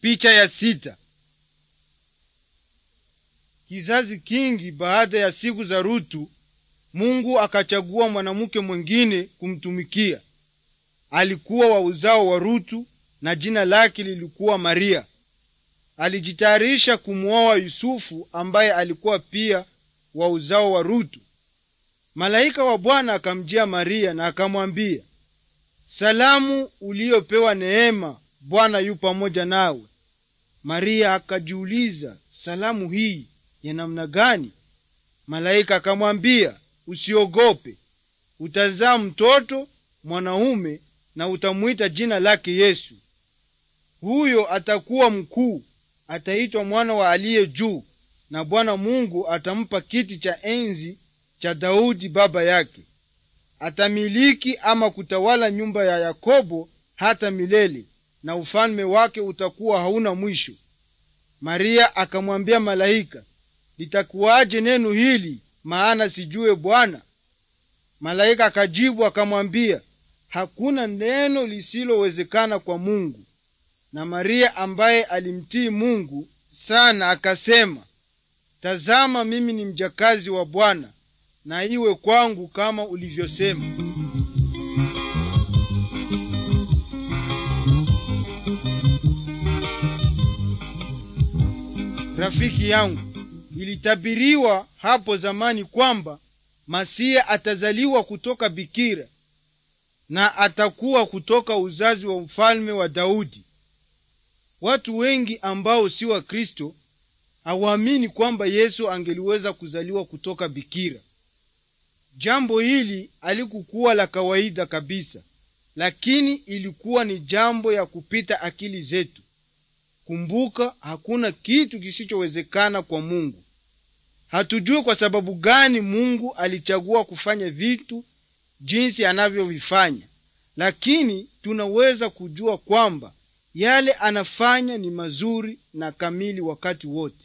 Picha ya sita. Kizazi kingi baada ya siku za Rutu, Mungu akachagua mwanamke mwengine kumtumikia. Alikuwa wa uzao wa Rutu na jina lake lilikuwa Maria. Alijitayarisha kumwoa Yusufu ambaye alikuwa pia wa uzao wa Rutu. Malaika wa Bwana akamjia Maria na akamwambia, Salamu uliyopewa neema, Bwana yu pamoja nawe. Maria akajiuliza salamu hii ya namna gani? Malaika akamwambia, usiogope, utazaa mtoto mwanaume na utamwita jina lake Yesu. Huyo atakuwa mkuu, ataitwa mwana wa aliye juu, na Bwana Mungu atampa kiti cha enzi cha Daudi baba yake. Atamiliki ama kutawala nyumba ya Yakobo hata milele, na ufalme wake utakuwa hauna mwisho. Maria akamwambia malaika, litakuwaje neno hili, maana sijue Bwana? Malaika akajibu akamwambia, hakuna neno lisilowezekana kwa Mungu. Na Maria ambaye alimtii Mungu sana akasema, tazama, mimi ni mjakazi wa Bwana, na iwe kwangu kama ulivyosema. Rafiki yangu, ilitabiriwa hapo zamani kwamba Masia atazaliwa kutoka bikira na atakuwa kutoka uzazi wa mfalme wa Daudi. Watu wengi ambao si wa Kristo hawaamini kwamba Yesu angeliweza kuzaliwa kutoka bikira. Jambo hili alikukuwa la kawaida kabisa, lakini ilikuwa ni jambo ya kupita akili zetu. Kumbuka, hakuna kitu kisichowezekana kwa Mungu. Hatujui kwa sababu gani Mungu alichagua kufanya vitu jinsi anavyovifanya, lakini tunaweza kujua kwamba yale anafanya ni mazuri na kamili wakati wote.